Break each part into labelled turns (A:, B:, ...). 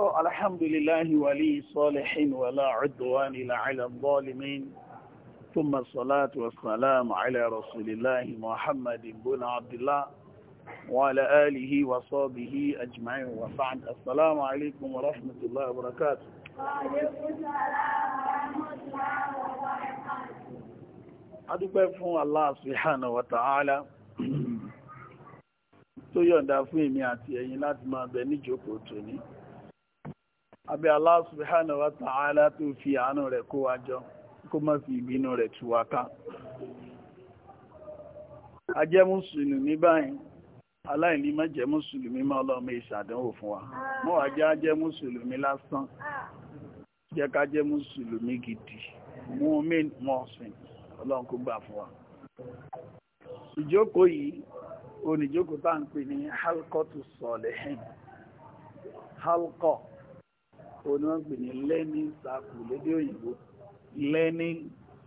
A: الحمد لله ولي صالح ولا عدوان إلا على الظالمين ثم الصلاة والسلام على رسول الله محمد بن عبد الله وعلى آله وصحبه أجمعين وبعد السلام عليكم ورحمة الله وبركاته adúpẹ́ الله سبحانه وتعالى wa ta'ala tó yọ̀ǹda fún èmi àbí Allah subhanahu tó fi àánú rẹ̀ kó jọ kó má fi ìbínú rẹ̀ tú wa a jẹ́ mùsùlùmí báyìí aláìní má jẹ́ mùsùlùmí má ọlọ́mọ ìṣàdánwò fún wa mọ́ ajẹ́ lásán jẹ́ ká gidi mọ́ọ̀sìn gbà fún wa ìjókòó yìí tá à ń pè òní wọ́n pè ní learning circle lédè òyìnbó learning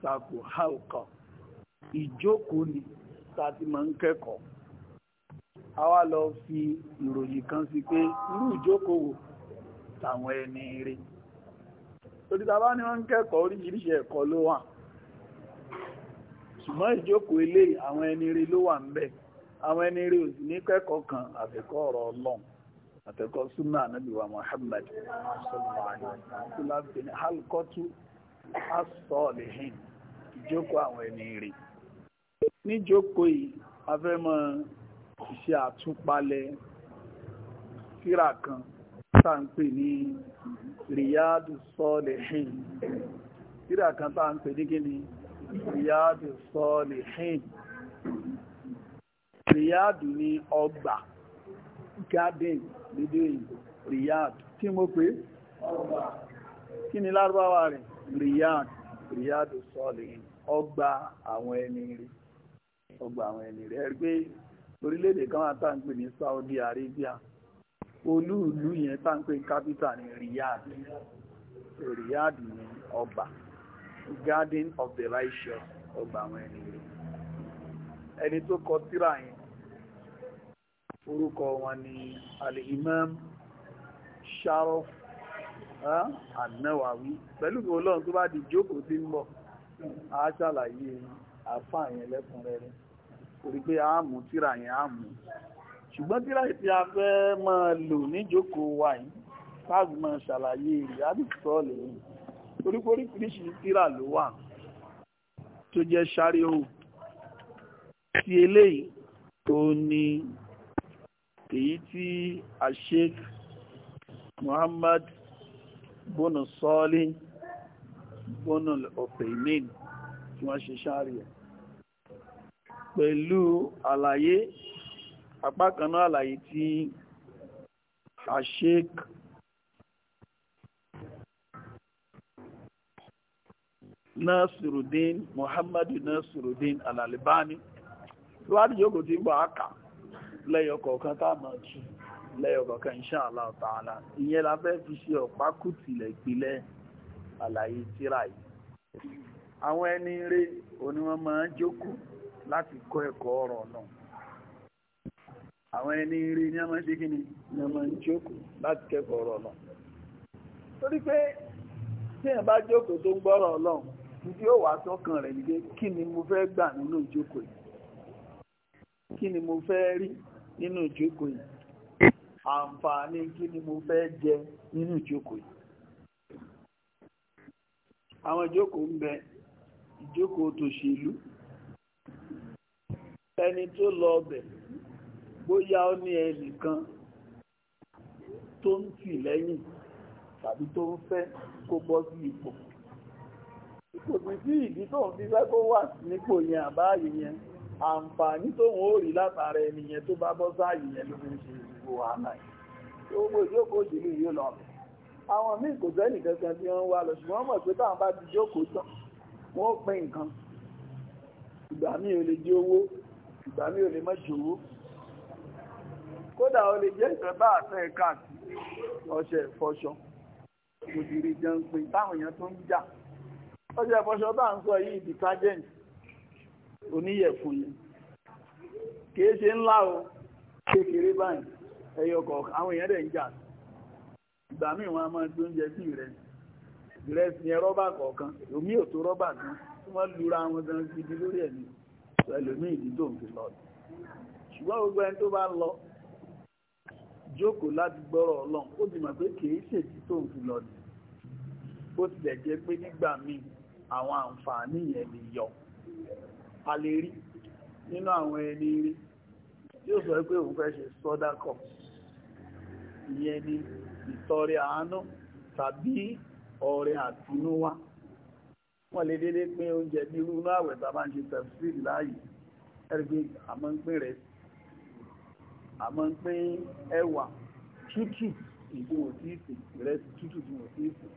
A: circle halqa ìjókòó ni tá a ń kẹ́kọ̀ọ́ a wá lọ fi ìròyìn kan sí pé irú ìjókòó tàwọn ẹni rí torí tá wọ́n ń kẹ́kọ̀ọ́ oríṣiríṣi ẹ̀kọ́ ló wà ṣùgbọ́n ìjókòó eléyìí àwọn ẹni rí ló wà ń bẹ̀ àwọn ẹni rí ò ní kan àfẹ́kọ́ ọ̀rọ̀ ọlọ́run àtẹ́kọ́ súnà ànábìwà Muhammad sọ́lọ́mọ̀ọ́lọ́mọ̀ halkọ́tú asọ́ọ̀lẹ́hìn ìjókòó àwọn ẹni rẹ̀ níjókòó yìí afẹ́mọ́ iṣẹ́ àtúpalẹ̀ síra kan tá ń pè ní Riyadu Sọ́ọ̀lẹ́hìn síra kan tá ń pè ní kíni Riyadu Sọ́ọ̀lẹ́hìn Riyadu ní ọgbà garden lédè òyìnbó Riyadh kí mo pé kí ni lárúbáwá rẹ̀ Riyadh Riyadh sọ́ọ̀lẹ̀ ọgbà àwọn ẹni rí ọgbà àwọn ẹni rí ẹ̀rí pé orílẹ̀-èdè kan wà tá ní Saudi Arabia olú ìlú yẹn tá ń pè kápítà ní Riyad, Riyad ní ọgbà Garden of the Righteous ọgbà àwọn ẹni rí ẹni tó kọ tírà yẹn orúkọ wọn ni al-imam sharaf an-nawawi pẹ̀lú ọlọ́run tó bá di jókòó tí ń bọ̀ a ṣàlàyé àfáà yẹn lẹ́kùnrẹ́rẹ́ torí pé a mú tíra yẹn a mú ṣùgbọ́n tíra tí a fẹ́ máa lò níjókòó wa yìí táàbù ṣàlàyé ìyáàbì sọ́ọ̀lù yìí torí tíra ló wà tó jẹ́ ṣáríhù ti eléyìí tó ní èyí tí a sheik Muhammad bónú sọ́ọ́lì bónú ọ̀fẹ̀mín tí wọ́n ṣe ṣáàrí pẹ̀lú àlàyé apákaná àlàyé tí a sheik Nasiruddin Muhammadu Nasiruddin Al-Albani tó wá dìjọ́ kò tí ń bọ̀ lẹ́yọkọ̀ọ̀kan táàmà jù lẹ́yọkọ̀ọ̀kan insha Allah ta'ala ìyẹn la fẹ́ fi ṣe ọ̀pá kùtìlẹ̀ ìpìlẹ̀ àlàyé tírà yìí àwọn ẹni rè òní wọn máa ń jókòó láti kọ́ ẹ̀kọ́ ọ̀rọ̀ náà àwọn ẹni ni rí ní ọmọ ṣe kíni ní ọmọ jókòó láti kẹ́kọ̀ọ́ ọ̀rọ̀ náà torí pé tí ẹ̀ bá jókòó tó ń gbọ́rọ̀ ọlọ́run tí ó wà sọ́kàn rẹ̀ nígbé kí ni mo fẹ́ gbà nínú ìjókòó yìí kí ni mo fẹ́ rí nínú ìjókòó yìí àǹfààní kí ni mo fẹ́ jẹ nínú ìjókòó yìí àwọn ìjókòó ń bẹ ìjókòó tòṣèlú ẹni tó lọ ọbẹ̀ bóyá ó ní ẹnìkan tó ń tì lẹ́yìn tàbí tó ń fẹ́ kó bọ́ sí ipò kò sí ìdí tó ń fi fẹ́ kó wà nípò yẹn àbáyé yẹn àǹfààní tó wọ́n ó rí látara ẹniyẹn tó bá bọ́ sáàyè yẹn ló fi ń ṣe ìgbò wàhálà yìí owó ìjókòó òṣèlú yìí lọ àwọn míì kò sẹ́nì kankan tí wọ́n wá lọ ṣùgbọ́n mọ̀ pé táwọn bá ti jókòó tán wọ́n ó pín nǹkan ìgbà míì ò lè jẹ́ owó ìgbà míì ò lè má ṣòwò kódà ó lè jẹ́ ìfẹ́bá àtẹ́ ẹ̀ka àti ọṣẹ ìfọṣọ òdìrí jẹun pé táwọn èèyàn tó ń jà ọṣẹ ìfọṣọ bá ń sọ yìí detergent Oníyè yìí kìí ṣe ńlá o kékeré báyìí ẹyọ àwọn èèyàn dẹ̀ ń jà ìgbà wọn ma máa gbé oúnjẹ sí ìrẹsì ìrẹsì yẹn rọ́bà kọ̀ọ̀kan omi o tó rọ́bà kan wọ́n lura gan lórí ẹ̀mí fi ṣùgbọ́n gbogbo ẹni tó bá lọ Joko láti gbọ́rọ̀ àwọn àlérí nínú àwọn ẹni rí tí ó sọ pé òun fẹ́ ṣe sọ́dákọ̀ ìyẹn ni ìtọrẹ àánú tàbí ọrẹ àtinúwá wọ́n lè dédé pín oúnjẹ ní irú láàwẹ̀ tàbá ń ṣe tẹ̀sílì láàyè ẹgbẹ́ àmọ́ ń pín rẹ̀ àmọ́ ń pín ẹwà tútù ìbò òtíìsì ìrẹsì tútù ìbò òtíìsì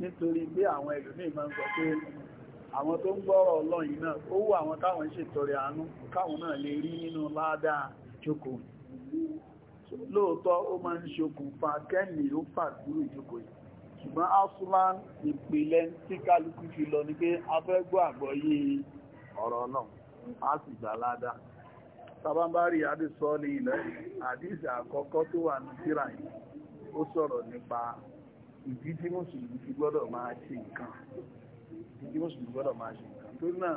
A: nítorí pé àwọn ẹlòmíì máa ń sọ pé àwọn tó ń gbọ́rọ̀ ọlọ́yìn náà ó wù àwọn káwọn ṣètọrẹ àánú káwọn náà lè rí nínú ládàá jókòó lóòótọ́ ó máa ń ṣokùnfà kẹ́ni ó fàgbúrò ìjókòó yìí ṣùgbọ́n aslan ìpìlẹ̀ tí kálukú fi lọ ní pé afẹ́gbọ́ àgbọ́yé ọ̀rọ̀ náà a sì gbà ládàá sábàbárì adésọ́ọ̀lì ilẹ̀ àdíṣà àkọ́kọ́ tó wà ní síra yìí ó sọ̀rọ̀ nípa ìdí tí mùsùlùmí fi gbọ́dọ̀ máa ṣe nǹkan tí mùsùlùmí gbọ́dọ̀ máa ṣe nǹkan tó náà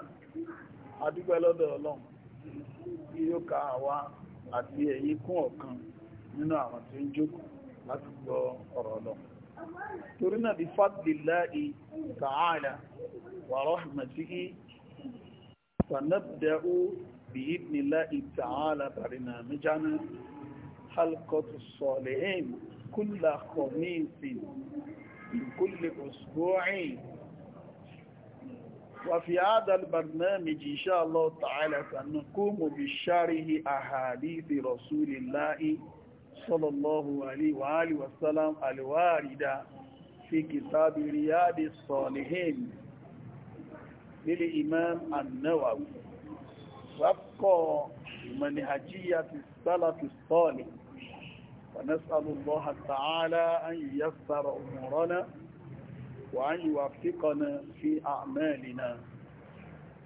A: adúgbẹ́ lọ́dọ̀ ọlọ́run kí yóò ká àwa àti ẹ̀yin kún ọ̀kan nínú àwọn tó ń jókòó láti gbọ́ ọ̀rọ̀ ọlọ́run torí náà bí fadlillahi ta'ala wa rahmatihi sanabda'u bi'idnillahi ta'ala barnamijana halqatus salihin kulla khamis min kulli usbu'in وفي هذا البرنامج إن شاء الله تعالى سنقوم بشاره أحاديث رسول الله صلى الله عليه وآله وسلم الواردة في كتاب رياض الصالحين للإمام النووي وابقى منهجية السلف الصالح ونسأل الله تعالى أن يسر أمورنا وأن يوفقنا في أعمالنا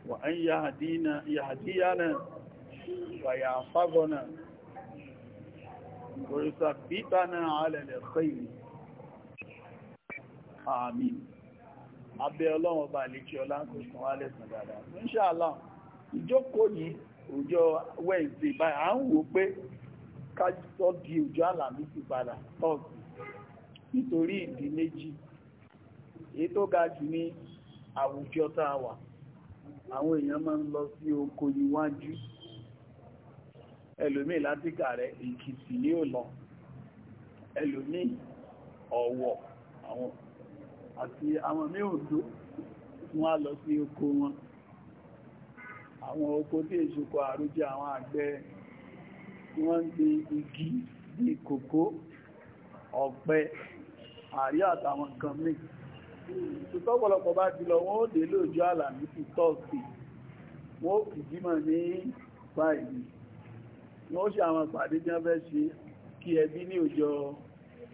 A: وأن يهدينا يهدينا ويحفظنا ويثبتنا على الخير آمين abẹ́ ọlọ́run ọba àlejò ọlá kò sàn wá dáadáa inshallah ìjókòó yìí ọjọ́ Wednesday báyìí à ń wò pé ká sọ di ọjọ́ àlàmísì padà tọ́ọ̀sì nítorí ìdí méjì èyí tó ga jù ní àwùjọ tá a wà àwọn èèyàn máa ń lọ sí oko iwájú ẹlòmíì látíkà rẹ̀ èkìtì ní ò lọ ẹlòmíì ọ̀wọ̀ àwọn àti àwọn mí òdó fún wá lọ sí oko wọn àwọn oko tí èṣòkò àrójẹ àwọn àgbẹ̀ wọ́n ń igi bí kòkó ọ̀pẹ àrí àtàwọn nǹkan mìíràn ṣùgbọ́n ọ̀pọ̀lọpọ̀ bá ti lọ wọ́n ó dé lóòjọ́ àlàmísì tọ́ọ̀sì wọ́n ó kì jímọ̀ ní báyìí wọ́n ṣe àwọn pàdé tí wọ́n fẹ́ ṣe kí ẹbí ní ọjọ́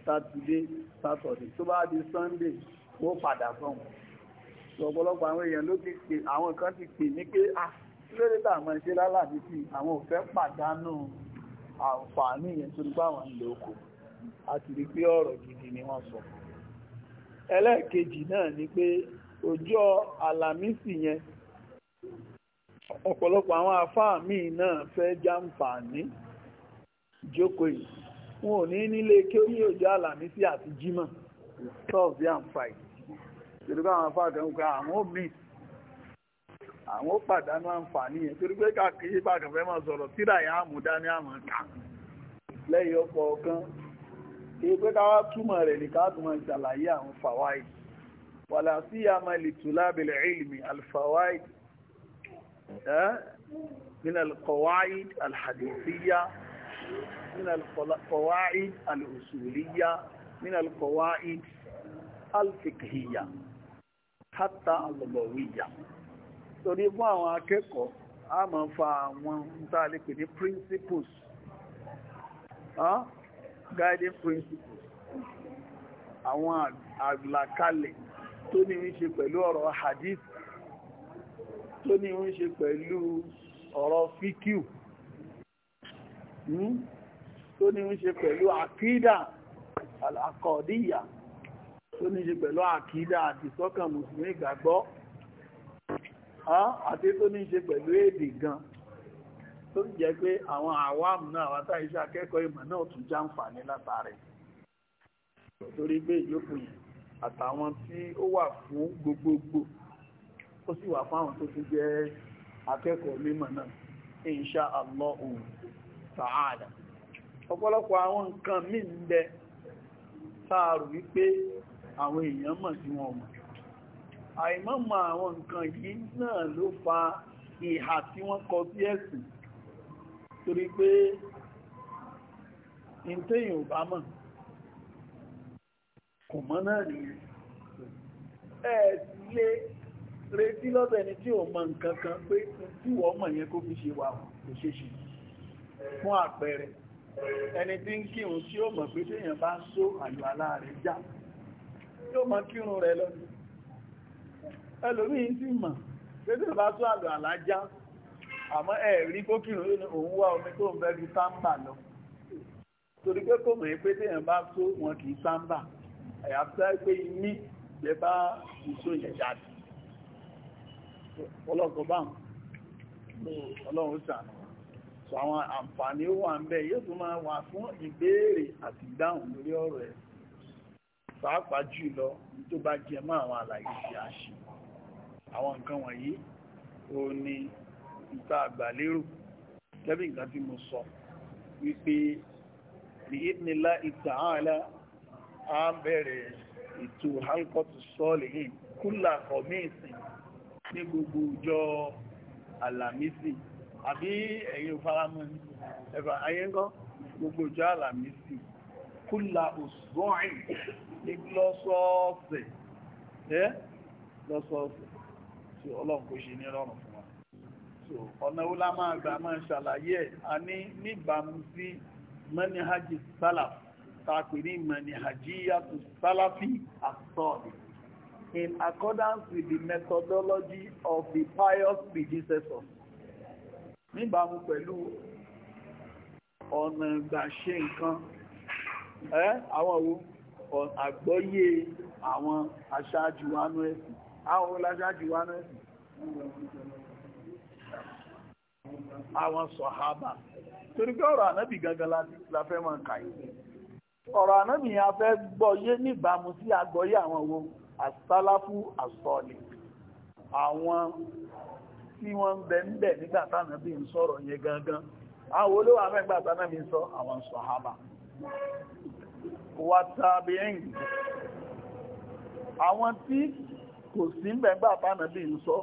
A: sátidé sátọ̀dé tó bá di sunday wọ́n padà fún ọ̀pọ̀lọpọ̀ àwọn èèyàn ló ti pè àwọn kan ti ah lórí tàwọn ṣe lálàbísì àwọn ò fẹ́ pàdánù àǹfààní yẹn tó ń gbà wọn lóko àti rí pé ọ̀rọ̀ gidi ni wọ́n sọ ẹlẹ́ẹ̀kejì náà ni pé ojú alamisi yẹn ọ̀pọ̀lọpọ̀ àwọn afọ míì náà fẹ́ jàǹfààní jókòó yìí wọn ò ní nílé kí ó ní alamisi àti twelve yam five torí pé àwọn afáàkàn ń àwọn míì àwọn ó pàdánù àǹfààní yẹn torí pé káàkiri pàkàn máa sọ̀rọ̀ tíra yà á mú dání kìí pé káwá túmọ̀ rẹ̀ ní káàtùmọ̀ ìṣàlàyé àwọn fàwáì wàlá sí àmà ìlìtùlá bẹ̀rẹ̀ ìlmi alfàwáì من القواعد الحديثية من القواعد الأصولية من القواعد الفقهية حتى اللغوية torí fún àwọn akẹ́kọ̀ọ́ a máa ń fa àwọn ń tàà lè principles guiding principles àwọn àgbàkalẹ̀ tó ní ń ṣe pẹ̀lú ọ̀rọ̀ hadith tó ní ń ṣe pẹ̀lú ọ̀rọ̀ fíkíù hmm, tó ní ń ṣe pẹ̀lú àkídà àkọ̀díyà tó ní ṣe pẹ̀lú àkídà àti sọ́kàn mùsùlùmí ìgbàgbọ́ ah, àti tó ní ṣe pẹ̀lú èdè gan tó ń jẹ́ pé àwọn àwam náà àwọn táyé iṣẹ́ akẹ́kọ̀ọ́ ìmọ̀ náà tún jàǹfààní látàrí torí pé ìjókòó yìí àtàwọn tí ó wà fún gbogbogbò ó sì wà fáwọn tó tún jẹ́ akẹ́kọ̀ọ́ mímọ̀ náà insha Allah ta'ala ọ̀pọ̀lọpọ̀ àwọn nǹkan mí ń bẹ sáàrù wípé àwọn èèyàn mọ̀ sí wọn mọ̀ àìmọ́mọ̀ àwọn nǹkan yìí náà ló fa ìhà tí wọ́n kọ sí ẹ̀sìn torí pé ìntẹ́yìn ò bá mọ̀ kò mọ́ náà ní ẹ̀ lé retí lọ́dọ̀ ẹni tí ò mọ̀ nǹkan kan pé tí wọ́n mọ̀ yẹn kó fi ṣe wà kò ṣe ṣe fún àpẹẹrẹ ẹni tí ń kírun tí ó mọ̀ pé téèyàn bá só àlò àlá rẹ̀ já yóò mọ̀ kírun rẹ̀ lọ ẹlòmíín sì mọ̀ pé téèyàn bá só àlò àlá já àmọ́ ẹ̀rí kókìrún ní òun wá omi tó ń bẹ́ ju sáńbà lọ torí pé kò mọ̀ pé téèyàn bá tó wọn kì í sáńbà àyàfẹ́ pé ní lè bá ìṣó yẹn jáde ọlọ́kọ̀ bá ọlọ́run sànù sọ àwọn àǹfààní ó wà ń bẹ yóò tún máa wà fún ìbéèrè àti ìdáhùn lórí ọ̀rọ̀ ẹ̀ pàápàá jùlọ tó bá jẹ mọ́ àwọn àlàyé tí a ṣe àwọn nǹkan wọ̀nyí ó ní ìta àgbàlérò gẹ́bí nǹkan tí mo sọ wípé ìdínilá ìtàhálà á bẹ̀rẹ̀ ètò halkọ́tù sọ́ọ̀lì yìí kúlà kọ̀míìsì ní gbogbo ọjọ́ àlàmísì àbí ẹ̀yin faramọ́ ẹ̀fà ayẹ́ngọ́ gbogbo ọjọ́ àlàmísì kúlà òṣùwọ̀n ní lọ́sọ̀ọ̀sẹ̀ lọ́sọ̀ọ̀sẹ̀ tí ọlọ́run ọ̀nà wo la máa gbà máa ṣàlàyé ẹ̀ a ní níbàámu sí mọ́níhájì sálàf tàpì ní mọ́níhájíyàtù sálàfí àsọ́ọ̀dì in accordance with the methodology of the pious predecessors níbàámu pẹ̀lú ọ̀nà ìgbà ṣe nǹkan ẹ́ àwọn òun àgbọ́yé àwọn aṣáájú wánú ẹ̀sìn àwọn olóṣáájú wánú ẹ̀sìn àwọn sọ̀hábà torí pé ọ̀rọ̀ ànábì gangan la fẹ́ máa kà yìí ọ̀rọ̀ ànábì yẹn a fẹ́ gbọ́yé níbàámu sí àgbọ́yé àwọn wo àsálàfù àsọ̀lẹ̀ àwọn tí wọ́n ń bẹ ń bẹ nígbà tánábì ń sọ̀rọ̀ yẹn gangan àwọn olówó afẹ́gbà tánábì ń sọ àwọn sọ̀hábà wàtàbíyìn àwọn tí kò sí ń bẹ nígbà tánábì ń sọ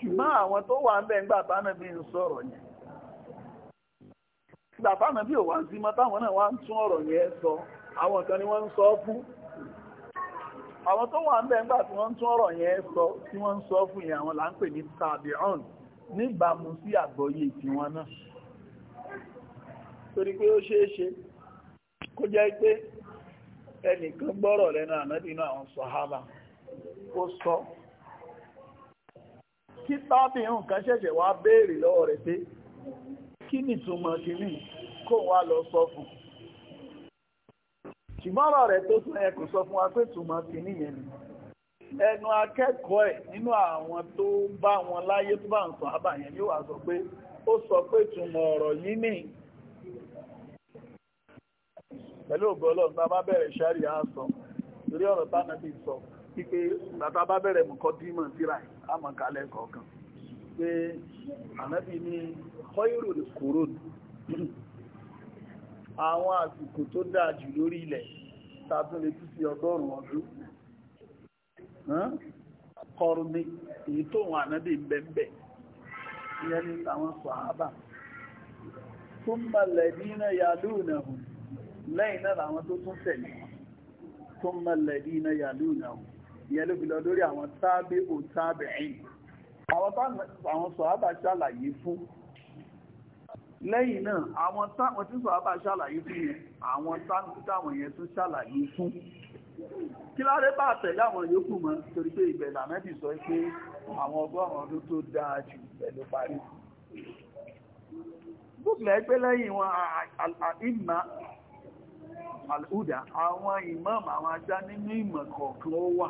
A: ṣùgbọ́n àwọn tó wà ń bẹ̀ ńgbà tánà bí ń sọ̀rọ̀ yẹn ìgbà tánà bí ò wá sí mọ́ táwọn náà wá ń tún ọ̀rọ̀ yẹn sọ àwọn kan ni wọ́n ń sọ fún àwọn tó wà ń bẹ̀ ńgbà tí wọ́n ń tún ọ̀rọ̀ yẹn sọ tí wọ́n ń sọ fún yẹn àwọn là ń pè ní tabi'un níbàámu sí àgbọ́yé tiwọn náà torí pé ó ṣeé ṣe kó jẹ́ pé ẹnìkan gbọ́rọ̀ lẹ́nu ànádínú àwọn
B: sọ
A: kí tábí nǹkan ṣẹ̀ṣẹ̀ wá béèrè lọ́wọ́ rẹ̀ pé kí ni túnmọ̀ sí ní kó wá lọ sọ fún ṣùgbọ́n rẹ̀ tó tún ẹ sọ fún wa pé túnmọ̀ sí ní yẹn ni ẹnu akẹ́kọ̀ọ́ ẹ̀ nínú àwọn tó bá wọn láyé tó bá ń sọ àbàyẹn yóò wá sọ pé ó sọ pé túnmọ̀ ọ̀rọ̀ yìí ni pẹ̀lú ògbọ́lọ́ bá bá bẹ̀rẹ̀ ṣáàrì á sọ lórí ọ̀rọ̀ tánàbí sọ ipe bàtà bá bẹ̀rẹ̀ mọ̀kọ́ dímọ̀ síra ẹ̀ àmọ̀kálẹ̀ kọ̀ọ̀kan pé ànábì ní kọ́ìrò kòrò àwọn àsìkò tó dáa jù lórí ilẹ̀ tàbí lè tún ọgọ́rùn-ún ọdún kọrùn ní èyí tó wọn ànábì ń bẹ̀m̀bẹ̀ ìyẹn ní àwọn sàhábà fún lẹ́yìn náà tó tún tẹ̀lé ìyẹn ló fi lọ lórí àwọn tábí ò tábí ẹ̀yìn àwọn táwọn sọ̀hábà ṣàlàyé fún lẹ́yìn náà àwọn táwọn tí sọ̀hábà ṣàlàyé fún yẹn àwọn táwọn yẹn tún ṣàlàyé fún kí láre bá tẹ̀lé àwọn yòókù mọ́ torí pé ibẹ̀ làmẹ́bì sọ pé àwọn ọgọ́rùn-ún ọdún tó dáa jù pẹ̀lú parí bókùnlẹ̀ ẹgbẹ́ lẹ́yìn wọn àìmà al'údà àwọn ìmọ̀ àwọn ajá nínú ìmọ̀ kọ̀ọ̀kan wà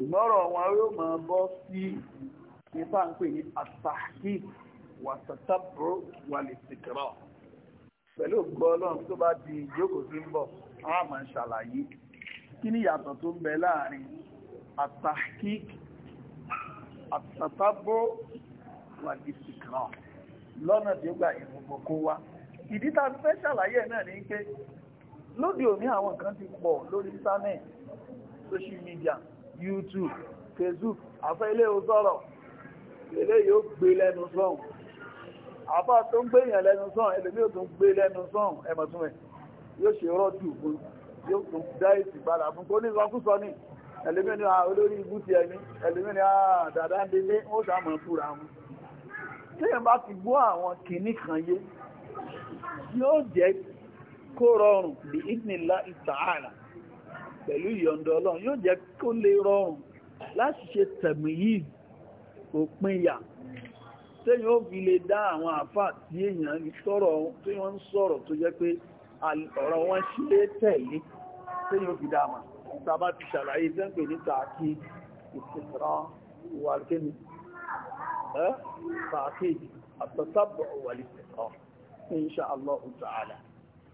A: ṣùgbọ́n ọ̀rọ̀ wọn yóò máa bọ́ sí ní sáńpé ní àtàkì wàtàtàbùrù wàlẹ̀sìkìrọ̀ pẹ̀lú gbọ́ọ̀lọ́run tó bá di ìjókòó sí ń bọ̀ a máa ṣàlàyé kí ni yàtọ̀ tó ń bẹ láàrin àtàkì àtàtàbùrù wàlẹ̀sìkìrọ̀ lọ́nà tí ó gbà ìrùngbọ̀n kó wá ìdí tá a fẹ́ ṣàlàyé náà ni pé lóde òní àwọn kan ti pọ̀ lórí internet social media YouTube Facebook afẹ́ ilé o sọ̀rọ̀ ilé yóò gbé lẹ́nu sọ́n àbá tó ń gbé yàn lẹ́nu sọ́n ẹlòmí ò tún gbé lẹ́nu sọ́n ẹmọ̀túnmẹ̀ yóò ṣe rọ́dù fún yóò tún dá ìsì padà fún kó ní ìsọkúsọ ní ẹlòmí ni olórí ibú ti ẹni ẹlòmí ni dàdá ń délé ó sàmọ̀ fúra wọn téèyàn bá ti gbọ́ àwọn kìíní kan yé yóò jẹ́ kó rọrùn bí ìdìnnìlá ìtààrà pẹ̀lú ìyọ̀ǹda ọlọ́run yóò jẹ́ kó lè rọrùn láti ṣe tẹ̀mù yìí òpinya tẹ́yìn ó fi lè dá àwọn àfà tí èèyàn sọ̀rọ̀ tí wọ́n ń sọ̀rọ̀ tó jẹ́ pé ọ̀rọ̀ wọn ṣe é tẹ̀lé tẹ́yìn ó fi dáàmà tàbá ti ṣàlàyé tẹ́ǹpẹ̀ níta kí ìsìnkìrán wà kéni
B: ẹ́ pàákéjì
A: wà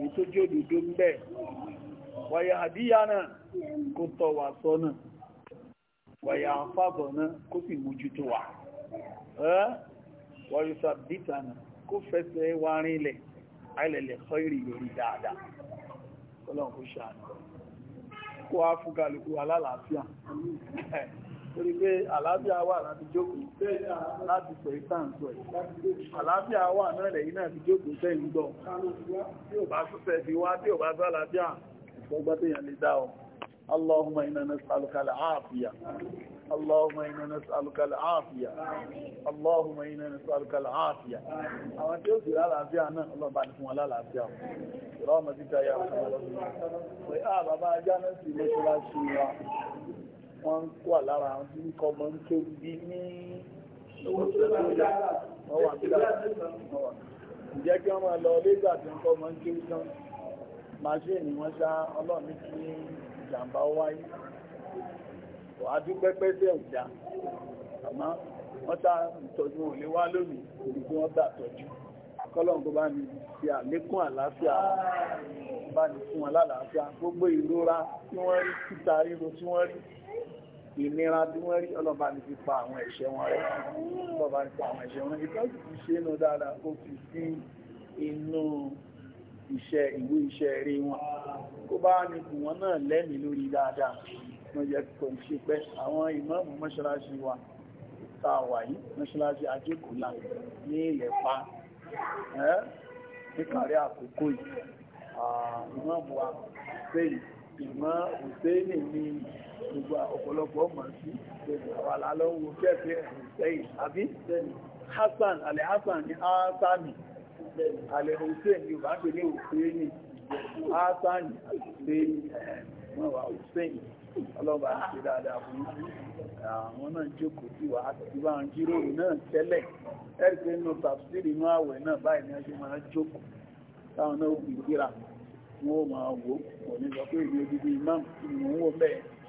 A: èyí tó jẹ́ òdòdó ń bẹ̀ wàyà àdíyà náà kó tọ́ wà sọ́nà wàyà àfàbọ̀ náà kó sì mójútó wà wàyà sàbítà náà kó fẹsẹ̀ wá rinlẹ̀ àìlẹ̀lẹ̀ sọ́ìrì lórí dáadáa kọ́lọ̀ kó ṣàánú kó á fún kálukú alálàáfíà torí pé àlàáfíà wà láti jókòó láti pẹ̀ ìtàǹsọ̀ ẹ̀ àlàáfíà wà náà lẹ̀yìn náà ti jókòó sẹ́yìn gbọ́ tí ò bá súnfẹ́ fi wá tí ò bá sálàáfíà ìfọgbọ́tẹ̀yàn lè dá ọ اللهم إنا نسألك العافية اللهم إنا نسألك العافية اللهم إنا نسألك العافية àwọn tí ó sì lálàáfíà náà ọlọ́run bá ní fún wọn lálàáfíà ìrọ́mọ̀ títà yà fún ọlọ́run wa wọ́n wà lára àwọn tí nǹkan ọmọ ń ké bí ní ìjẹ́ kí wọ́n máa lọ lẹ́gbà tí nǹkan ọmọ ń ké bí tán máṣíìnì wọ́n ṣá ọlọ́ọ̀ni kí ìjàmbá wáyé kò á dúpẹ́ pẹ́sẹ̀ ọ̀já àmọ́ wọ́n ṣá ìtọ́jú wọn lè wá lónìí òbí tí wọ́n gbà tọ́jú kọ́lọ́n tó bá ní ṣe àlékún àlàáfíà bá ní fún wọn lálàáfíà gbogbo ìrora tí wọ́n rí títa ríro tí wọ́n rí ìnira bí wọ́n rí ọlọ́ba ní fífa àwọn ẹ̀ṣẹ̀ wọn rẹ̀ ọlọ́ba ní fífa àwọn ẹ̀ṣẹ̀ wọn rẹ̀ ìtọ́jú ti ṣe inú dáadáa ó fi sí inú iṣẹ́ ìwé iṣẹ́ rí wọn kó bá ní kù wọn náà lẹ́mìí lórí dáadáa wọ́n yẹ kò ṣe pẹ́ àwọn ìmáàmù mọ́ṣáláṣí wa tá a wà yìí mọ́ṣáláṣí ajékòlá ní ilẹ̀ pa níkàrí àkókò yìí ìmáàmù wa sẹ́yìn ìmọ̀ òsèlè ní gbogbo ọ̀pọ̀lọpọ̀ ọmọ sí àwọn alálọ́wọ́ kẹ́ẹ̀kẹ́ sẹ́yìn àbí Hassan alẹ́ Hassan ní Hassani alẹ́ Hussein ní ọba ń pè ní Hussein Hassani Hussein wọ́n wà Hussein ọlọ́ba ṣe dáadáa fún àwọn náà jókòó sí wà àti bá ń jíròrò náà tẹ́lẹ̀ ẹ̀rí pé inú tàbísírì inú àwẹ̀ náà báyìí ni a ṣe máa jókòó táwọn náà ó bìí kíra wọ́n máa wò ó ní sọ pé ìlú ibi imam ìmọ̀ ń wò bẹ́ẹ̀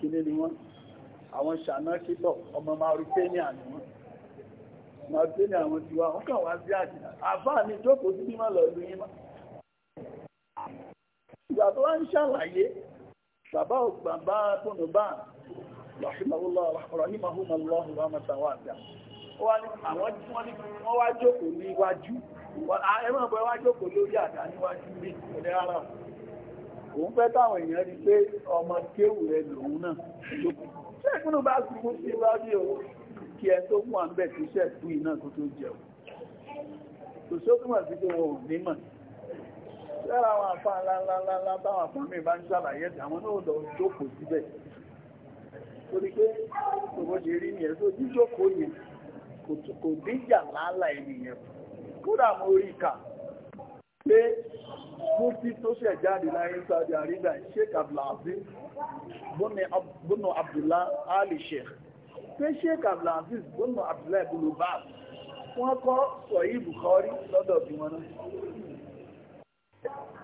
A: kíní ni wọ́n àwọn ṣànákítọ̀ ọmọ Mauritania ni wọ́n wọn ti wá kàn wá sí àjìnà àfáà ní ìjókòó sí mímọ́ lọ ìlú mọ́ ìgbà tó wá ń ṣàlàyé bàbá wọ́n wá jókòó ní iwájú ẹ̀rọ ọ̀bọ̀ jókòó lórí àdá níwájú rí òun fẹ́ táwọn èèyàn rí pé ọmọ kéwù rẹ lòun náà ṣe ìpínlẹ̀ bá sùkú sí wájú o kí ẹ tó wà ń bẹ̀ tó ṣẹ̀ fún iná tó tó jẹun kò sókùnmọ̀ sí pé wọn ò nímọ̀ lára àwọn àfá ńláńláńlá báwọn àfá mi bá ń ṣàlàyé àwọn náà lọ jókòó síbẹ̀ torí pé òwò ṣe rí nìyẹn tó jíjókòó yẹn kò díjà láàlà ènìyàn kódà mo rí kà pé mú sí tó ṣẹ̀ jáde láyé Saudi Arabia Sheikh Abdulaziz bọ́nà Abdullah Ali Sheikh pé Sheikh Abdulaziz bọ́nà Abdullah ibùlùbáà wọ́n kọ́ sọ̀yí Bukhari lọ́dọ̀ bí wọn náà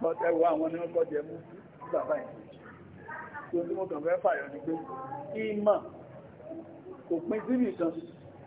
A: bọ́tẹ́ wọ àwọn ní wọ́n kọ́ jẹ mú sí bàbá ìlú tó ní mọ́tàn fẹ́ fàyọ̀ ní pé ìmọ̀ kò pín síbì kan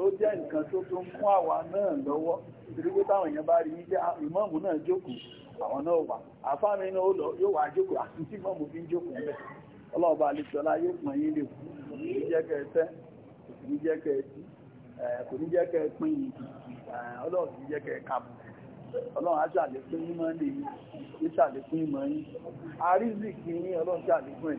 A: tó jẹ́ nǹkan tó tún fún àwa náà lọ́wọ́ nítorí pé táwọn èèyàn bá rí ní jẹ́ ìmọ̀mù náà jókòó àwọn náà wà àfáàmì náà ó lọ yóò wà jókòó àti tí mọ̀mù fi ń jókòó ń bẹ̀ yóò pọ̀ yín lè kò ní jẹ́ kò ní jẹ́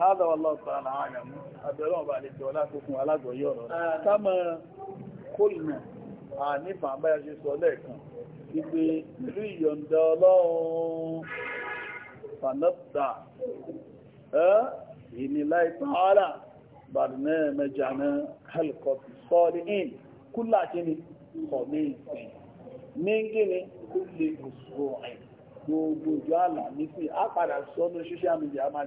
A: هذا والله تعالى عالم أدرون بعد التولاكم على غيره كما قلنا ànífà báyá ṣe sọ lẹ́ẹ̀kan ìgbé ìlú ìyọ̀ǹda ọlọ́run fanọ́ta ẹ́ ìnìlá ìtàhálà bàdínẹ́ mẹjànà helikọ́pì sọ́ọ̀dí in ni kọ̀mí gbogbo ìjọ àlà ní àpàdà máa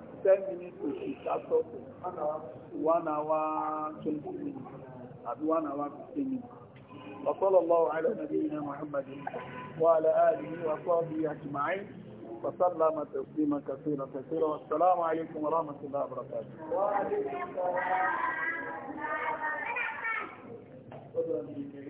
A: ten minutes to six after one hour twenty minutes àbí one hour fifteen minutes. وصلى الله على نبينا محمد وعلى آله وصحبه أجمعين وسلم تسليما كثيرا كثيرا والسلام عليكم ورحمة الله وبركاته وعليكم السلام